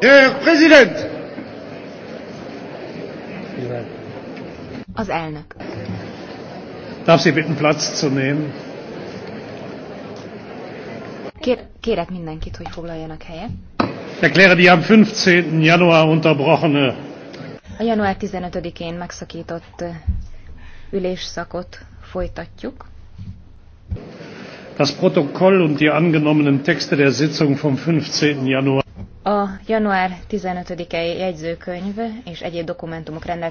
Herr Präsident! Az elnök. Darf Sie bitten Platz zu nehmen? Kér, kérek mindenkit, hogy foglaljanak helyet. Erkläre die am 15. Januar unterbrochene. A január 15-én megszakított ülésszakot folytatjuk das protokoll und die angenommenen texte der sitzung vom. 15. januar a január 15-i jegyzőkönyv és egyéb dokumentumok rendelkezésre